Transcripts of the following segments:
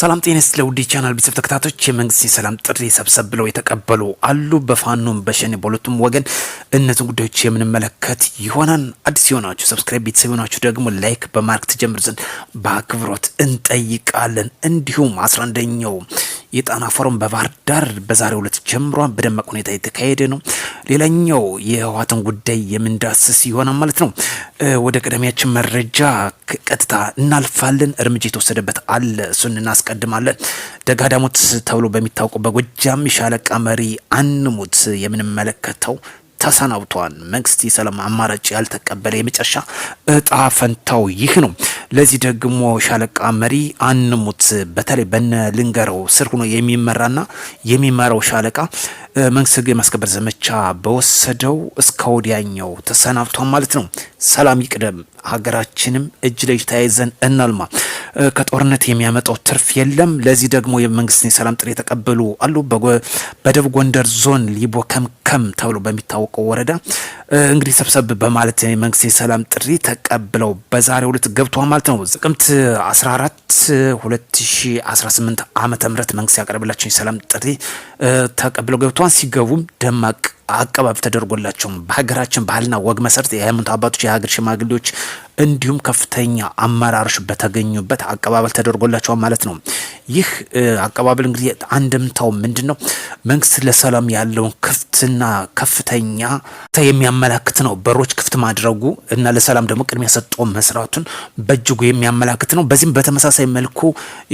ሰላም ጤና ስጥ ለውድ ቻናል ቤተሰብ ተከታቶች፣ የመንግስት የሰላም ጥሪ ሰብሰብ ብለው የተቀበሉ አሉ። በፋኖም በሸኔ በሁለቱም ወገን እነዚህ ጉዳዮች የምንመለከት ይሆናል። አዲስ የሆናችሁ ሰብስክራይብ፣ ቤተሰብ የሆናችሁ ደግሞ ላይክ በማርክ ትጀምር ዘንድ በአክብሮት እንጠይቃለን። እንዲሁም አስራ አንደኛው የጣና ፎረም በባህር ዳር በዛሬው ዕለት ጀምሯን በደማቅ ሁኔታ የተካሄደ ነው። ሌላኛው የህወሓትን ጉዳይ የምንዳስስ ይሆናል ማለት ነው። ወደ ቀዳሚያችን መረጃ ቀጥታ እናልፋለን። እርምጃ የተወሰደበት አለ፣ እሱን እናስቀድማለን። ደጋዳሞት ተብሎ በሚታወቁ በጎጃም የሻለቃ መሪ አንሙት የምንመለከተው ተሰናብቷል መንግስት የሰላም አማራጭ ያልተቀበለ የመጨረሻ እጣ ፈንታው ይህ ነው። ለዚህ ደግሞ ሻለቃ መሪ አንሙት በተለይ በነ ልንገረው ስር ሆኖ የሚመራና የሚመራው ሻለቃ መንግስት ህግ የማስከበር ዘመቻ በወሰደው እስከ ወዲያኛው ተሰናብቷል ማለት ነው። ሰላም ይቅደም። ሀገራችንም እጅ ለእጅ ተያይዘን እናልማ። ከጦርነት የሚያመጣው ትርፍ የለም። ለዚህ ደግሞ የመንግስትን የሰላም ጥሪ የተቀበሉ አሉ። በደቡብ ጎንደር ዞን ሊቦ ከምከም ተብሎ በሚታወቀው ወረዳ እንግዲህ ሰብሰብ በማለት የመንግስት የሰላም ጥሪ ተቀብለው በዛሬው ዕለት ገብተዋል ማለት ነው። ጥቅምት 14 2018 ዓ ም መንግስት ያቀረበላቸው የሰላም ጥሪ ተቀብለው ገብተዋል። ሲገቡም ደማቅ አቀባብ ተደርጎላቸውም በሀገራችን ባህልና ወግ መሰረት የሃይማኖት አባቶች፣ የሀገር ሽማግሌዎች እንዲሁም ከፍተኛ አመራሮች በተገኙበት አቀባበል ተደርጎላቸዋል ማለት ነው። ይህ አቀባበል እንግዲህ አንድምታው ምንድን ነው? መንግስት ለሰላም ያለውን ክፍትና ከፍተኛ የሚያመላክት ነው። በሮች ክፍት ማድረጉ እና ለሰላም ደግሞ ቅድሚያ ሰጥቶ መስራቱን በእጅጉ የሚያመላክት ነው። በዚህም በተመሳሳይ መልኩ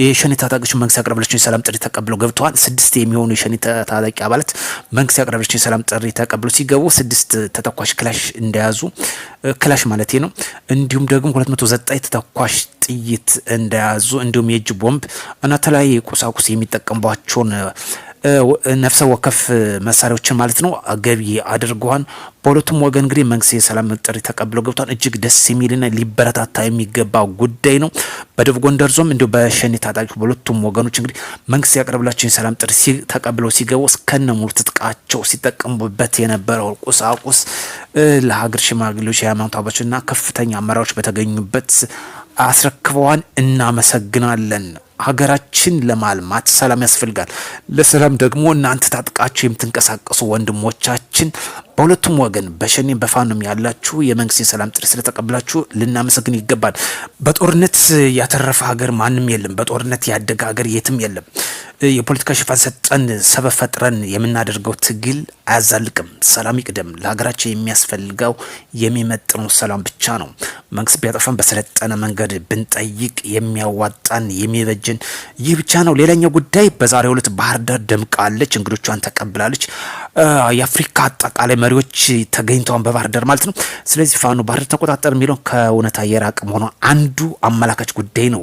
የሸኔ ታጣቂዎች መንግስት ያቀረበለችን የሰላም ጥሪ ተቀብለው ገብተዋል። ስድስት የሚሆኑ የሸኔ ታጣቂ አባላት መንግስት ያቀረበለችን የሰላም ጥሪ ተቀብለው ሲገቡ ስድስት ተተኳሽ ክላሽ እንደያዙ ክላሽ ማለት ነው እንዲሁም ደግሞ 209 ተተኳሽ ጥይት እንደያዙ እንዲሁም የእጅ ቦምብ እና ተለያየ ቁሳቁስ የሚጠቀምባቸውን ነፍሰ ወከፍ መሳሪያዎችን ማለት ነው ገቢ አድርገዋል። በሁለቱም ወገን እንግዲህ መንግስት የሰላም ጥሪ ተቀብለው ገብቷል። እጅግ ደስ የሚልና ሊበረታታ የሚገባ ጉዳይ ነው። በደቡብ ጎንደር ዞም እንዲሁ በሸኔ ታጣቂ በሁለቱም ወገኖች እንግዲህ መንግስት ያቀረብላቸው የሰላም ጥሪ ተቀብለው ሲገቡ እስከነ ሙሉ ትጥቃቸው ሲጠቀሙበት የነበረው ቁሳቁስ ለሀገር ሽማግሌዎች፣ የሃይማኖት አባቶችና ከፍተኛ አመራሮች በተገኙበት አስረክበዋን እናመሰግናለን። ሀገራችን ለማልማት ሰላም ያስፈልጋል። ለሰላም ደግሞ እናንተ ታጥቃችሁ የምትንቀሳቀሱ ወንድሞቻችን በሁለቱም ወገን በሸኔም በፋኖም ያላችሁ የመንግስት የሰላም ጥሪ ስለተቀብላችሁ ልናመሰግን ይገባል። በጦርነት ያተረፈ ሀገር ማንም የለም። በጦርነት ያደገ ሀገር የትም የለም። የፖለቲካ ሽፋን ሰጠን ሰበብ ፈጥረን የምናደርገው ትግል አያዛልቅም። ሰላም ይቅደም። ለሀገራችን የሚያስፈልገው የሚመጥነው ሰላም ብቻ ነው። መንግስት ቢያጠፋን በሰለጠነ መንገድ ብንጠይቅ የሚያዋጣን የሚበጅን ይህ ብቻ ነው። ሌላኛው ጉዳይ በዛሬው ዕለት ባህር ዳር ደምቃለች፣ እንግዶቿን ተቀብላለች። የአፍሪካ አጠቃላይ መሪዎች ተገኝተዋን በባህር ዳር ማለት ነው። ስለዚህ ፋኖ ባህር ዳር ተቆጣጠር ከእውነት አየር የራቀ መሆኑ አንዱ አመላካች ጉዳይ ነው።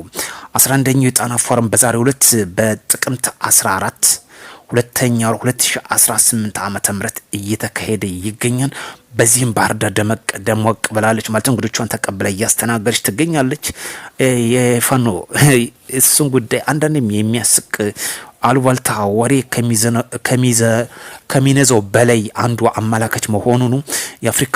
አስራ አንደኛው የጣና ፎረም በዛሬ ሁለት በጥቅምት 14 ሁለተኛ 2018 ዓ ም እየተካሄደ ይገኛል። በዚህም ባህር ዳር ደመቅ ደሞቅ ብላለች ማለት እንግዶቿን ተቀብላ እያስተናገደች ትገኛለች። የፋኖ እሱን ጉዳይ አንዳንድም የሚያስቅ አሉባልታ ወሬ ከሚነዘው በላይ አንዱ አመላካች መሆኑኑ የአፍሪካ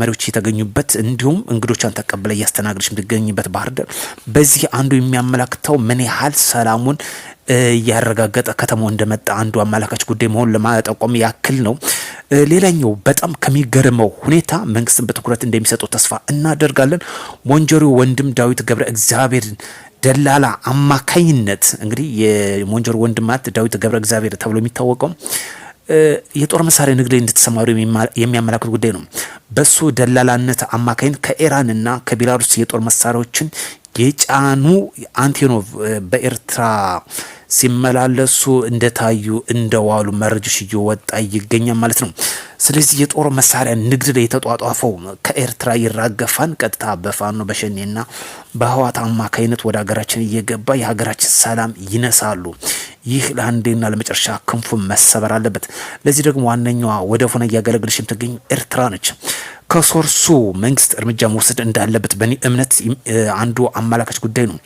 መሪዎች የተገኙበት እንዲሁም እንግዶቿን ተቀብለ እያስተናገደች የምትገኝበት ባህር ዳር በዚህ አንዱ የሚያመላክተው ምን ያህል ሰላሙን ያረጋገጠ ከተማው እንደመጣ አንዱ አመላካች ጉዳይ መሆኑን ለማጠቆም ያክል ነው። ሌላኛው በጣም ከሚገርመው ሁኔታ መንግስትን በትኩረት እንደሚሰጠው ተስፋ እናደርጋለን። ሞንጆሪው ወንድም ዳዊት ገብረ እግዚአብሔርን ደላላ አማካኝነት እንግዲህ የሞንጆር ወንድማት ዳዊት ገብረ እግዚአብሔር ተብሎ የሚታወቀው የጦር መሳሪያ ንግድ ላይ እንድትሰማሩ የሚያመላክት ጉዳይ ነው። በሱ ደላላነት አማካይነት ከኢራንና ከቤላሩስ የጦር መሳሪያዎችን የጫኑ አንቴኖቭ በኤርትራ ሲመላለሱ እንደታዩ እንደዋሉ መረጃዎች እየወጣ ይገኛል ማለት ነው። ስለዚህ የጦር መሳሪያ ንግድ ላይ የተጧጧፈው ከኤርትራ ይራገፋን ቀጥታ በፋኖ በሸኔና በህዋት አማካይነት ወደ ሀገራችን እየገባ የሀገራችን ሰላም ይነሳሉ። ይህ ለአንዴና ለመጨረሻ ክንፉ መሰበር አለበት። ለዚህ ደግሞ ዋነኛዋ ወደቡን እያገለገለች የምትገኝ ኤርትራ ነች። ከሶርሱ መንግስት እርምጃ መውሰድ እንዳለበት በእኔ እምነት አንዱ አመላካች ጉዳይ ነው።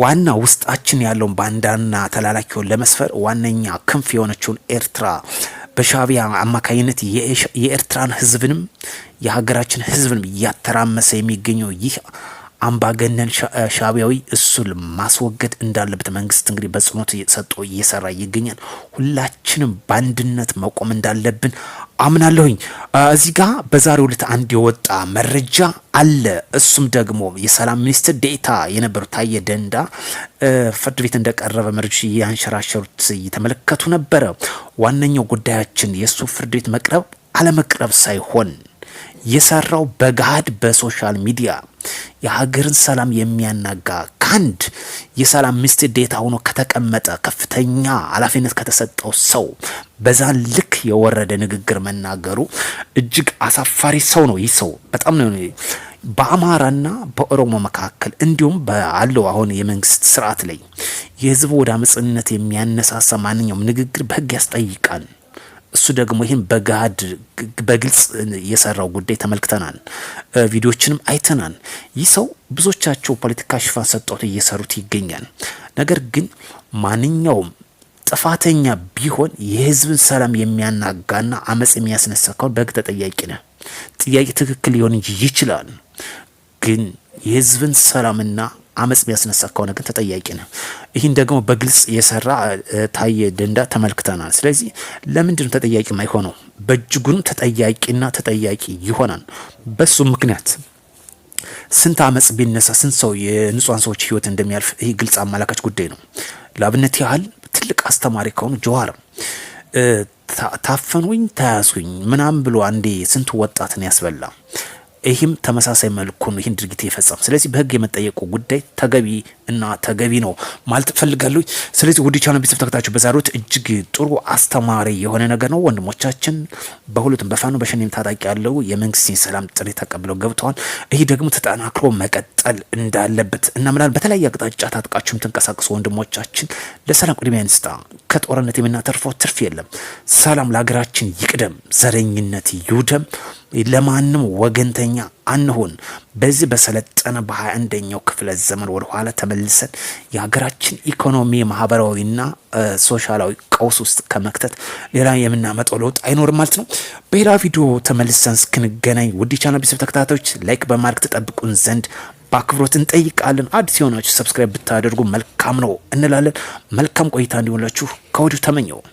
ዋና ውስጣችን ያለውን ባንዳና ተላላኪውን ለመስፈር ዋነኛ ክንፍ የሆነችውን ኤርትራ በሻቢያ አማካኝነት የኤርትራን ህዝብንም የሀገራችን ህዝብንም እያተራመሰ የሚገኘው ይህ አምባገነን ሻቢያዊ እሱን ማስወገድ እንዳለበት መንግስት እንግዲህ በጽኖት ሰጦ እየሰራ ይገኛል። ሁላችንም በአንድነት መቆም እንዳለብን አምናለሁኝ። እዚህ ጋ በዛሬው ዕለት አንድ የወጣ መረጃ አለ። እሱም ደግሞ የሰላም ሚኒስትር ዴኤታ የነበሩ ታየ ደንዳ ፍርድ ቤት እንደቀረበ መረጃ ያንሸራሸሩት እየተመለከቱ ነበረ። ዋነኛው ጉዳያችን የእሱ ፍርድ ቤት መቅረብ አለመቅረብ ሳይሆን የሰራው በገሃድ በሶሻል ሚዲያ የሀገርን ሰላም የሚያናጋ አንድ የሰላም ዴታ ሆኖ ከተቀመጠ ከፍተኛ ኃላፊነት ከተሰጠው ሰው በዛን ልክ የወረደ ንግግር መናገሩ እጅግ አሳፋሪ ሰው ነው። ይህ ሰው በጣም ነው በአማራና በኦሮሞ መካከል እንዲሁም ባለው አሁን የመንግስት ስርዓት ላይ የህዝቡ ወደ አመፅነት የሚያነሳሳ ማንኛውም ንግግር በህግ ያስጠይቃል። እሱ ደግሞ ይህን በገሃድ በግልጽ የሰራው ጉዳይ ተመልክተናል፣ ቪዲዮችንም አይተናል። ይህ ሰው ብዙዎቻቸው ፖለቲካ ሽፋን ሰጠውት እየሰሩት ይገኛል። ነገር ግን ማንኛውም ጥፋተኛ ቢሆን የህዝብን ሰላም የሚያናጋና አመፅ የሚያስነሳ ከሆን በህግ ተጠያቂ ጥያቄ ትክክል ሊሆን ይችላል ግን የህዝብን ሰላምና አመፅ የሚያስነሳ ከሆነ ግን ተጠያቂ ነው። ይህን ደግሞ በግልጽ የሰራ ታየ ደንዳ ተመልክተናል። ስለዚህ ለምንድን ነው ተጠያቂ የማይሆነው? በእጅጉን ተጠያቂና ተጠያቂ ይሆናል። በሱ ምክንያት ስንት አመፅ ቢነሳ ስንት ሰው የንጹሐን ሰዎች ህይወት እንደሚያልፍ ይህ ግልጽ አመላካች ጉዳይ ነው። ለአብነት ያህል ትልቅ አስተማሪ ከሆኑ ጀዋር ታፈኑኝ ተያዝኩኝ ምናምን ብሎ አንዴ ስንት ወጣትን ያስበላ ይህም ተመሳሳይ መልኩ ነው ይህን ድርጊት የፈጸም። ስለዚህ በህግ የመጠየቁ ጉዳይ ተገቢ እና ተገቢ ነው ማለት ፈልጋለሁ። ስለዚህ ውድ ቻናል ቤተሰብ ተከታችሁ በዛሬው እጅግ ጥሩ አስተማሪ የሆነ ነገር ነው። ወንድሞቻችን በሁለቱም በፋኖ በሸኔም ታጣቂ ያለው የመንግስትን ሰላም ጥሪ ተቀብለው ገብተዋል። ይህ ደግሞ ተጠናክሮ መቀጠል እንዳለበት እና ምናል በተለያየ አቅጣጫ ታጥቃችሁም ትንቀሳቀሱ ወንድሞቻችን ለሰላም ቅድሚያ እንስጣ። ከጦርነት የምናተርፈው ትርፍ የለም። ሰላም ለሀገራችን ይቅደም፣ ዘረኝነት ይውደም። ለማንም ወገንተኛ አንሆን። በዚህ በሰለጠነ በሀያ አንደኛው ክፍለ ዘመን ወደ ኋላ ተመልሰን የሀገራችን ኢኮኖሚ ማህበራዊና ሶሻላዊ ቀውስ ውስጥ ከመክተት ሌላ የምናመጣው ለውጥ አይኖርም ማለት ነው። በሌላ ቪዲዮ ተመልሰን እስክንገናኝ ውድ ቻናል ቤተሰብ ተከታታዮች ላይክ በማድረግ ተጠብቁን ዘንድ በአክብሮት እንጠይቃለን። አዲስ የሆናችሁ ሰብስክራይብ ብታደርጉ መልካም ነው እንላለን። መልካም ቆይታ እንዲሆንላችሁ ከወዲሁ ተመኘው።